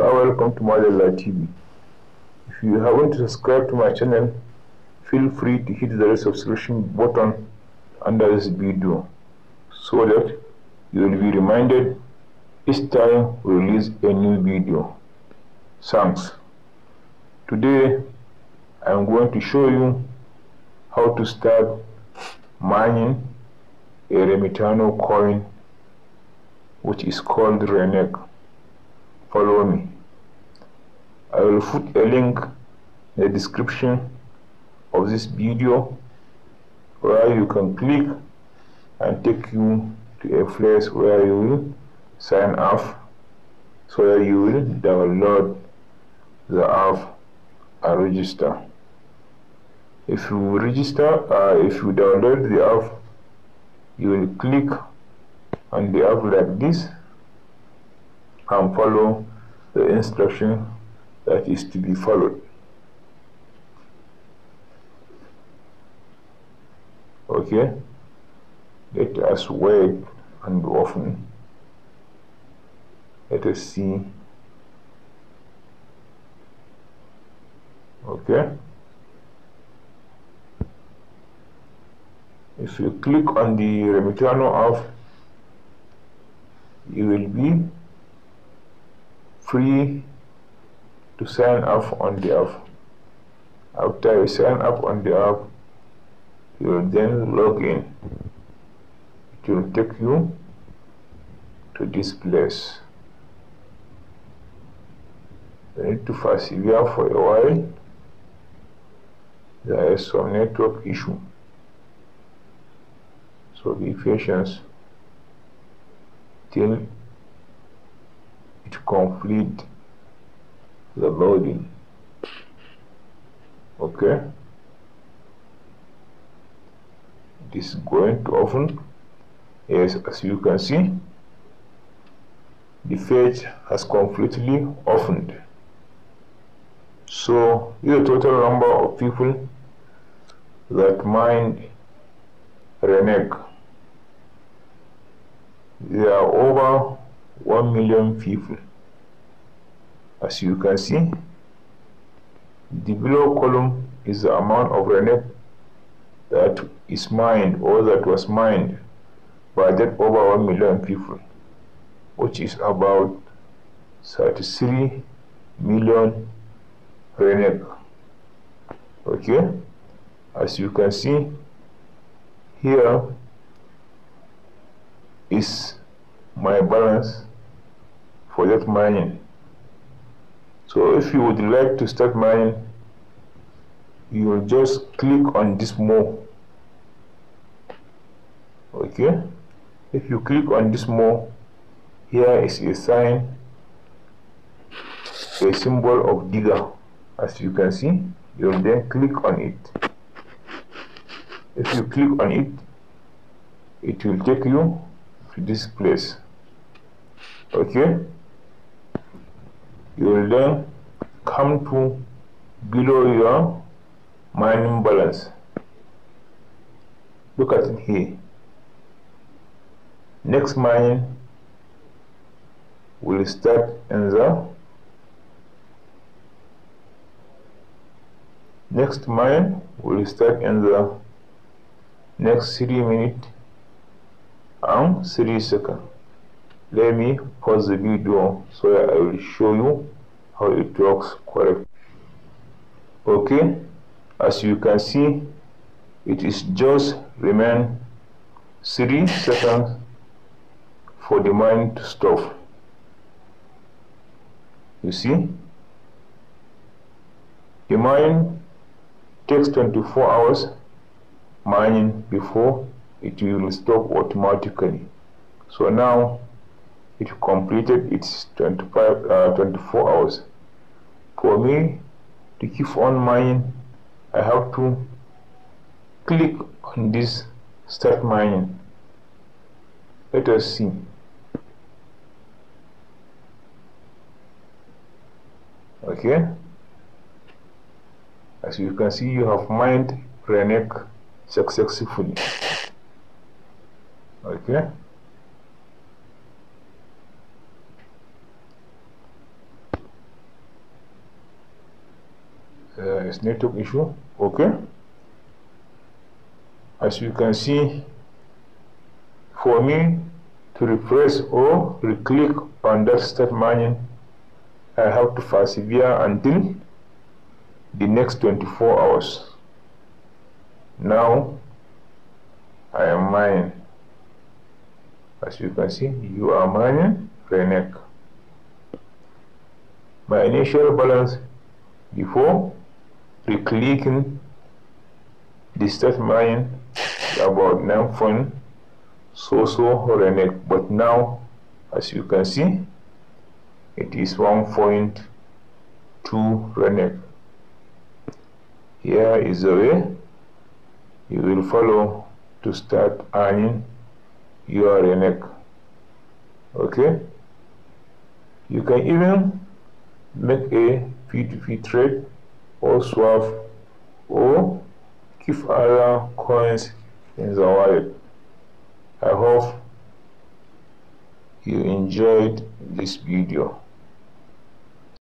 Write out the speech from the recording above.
are welcome to Madela TV. If you haven't subscribed to my channel, feel free to hit the subscription button under this video so that you will be reminded each time we release a new video. Thanks. Today I am going to show you how to start mining a Remitano coin which is called Renek. Follow me. I will put a link in the description of this video where you can click and take you to a place where you will sign up so that you will download the app and register if you register uh, if you download the app you will click on the app like this and follow the instruction that is to be followed. Okay? Let us wait and often. Let us see. Okay? If you click on the Remitano app, you will be free to sign up on the app. After you sign up on the app, you will then log in. It will take you to this place. You need to persevere for a while. There is some network issue. So be patient till it complete the loading okay is going to open yes as you can see the page has completely opened so the total number of people that mine reneg there are over 1 million people as you can see the below column is the amount of renep that is mined or that was mined by that over 1 million people which is about 33 million renep okay as you can see here is my balance for that mining so if you would like to start mining you just click on this more okay if you click on this more here is a sign a symbol of digger as you can see you then click on it if you click on it it will take you to this place okay you will then come to below your mining balance look at it here next mine will start in the next mine will start in the next 3 minute and 3 second let me pause the video so I will show you how it works correctly okay as you can see it is just remain 3 seconds for the mine to stop you see the mine takes 24 hours mining before it will stop automatically so now it completed its 25, uh, 24 hours. For me to keep on mining, I have to click on this start mining. Let us see. Okay, as you can see, you have mined Renek successfully. Okay. uh, it's network issue okay as you can see for me to refresh or re-click on that start menu, I have to persevere until the next 24 hours now I am mining as you can see you are mining Renek my initial balance before we clicking the statement about name phone so so renate but now as you can see it is 1.2 renek. here is the way you will follow to start earning your renek. okay you can even make a P2P trade Oswaf O. Kifara Coins in the Zawiya. I hope you enjoyed this video.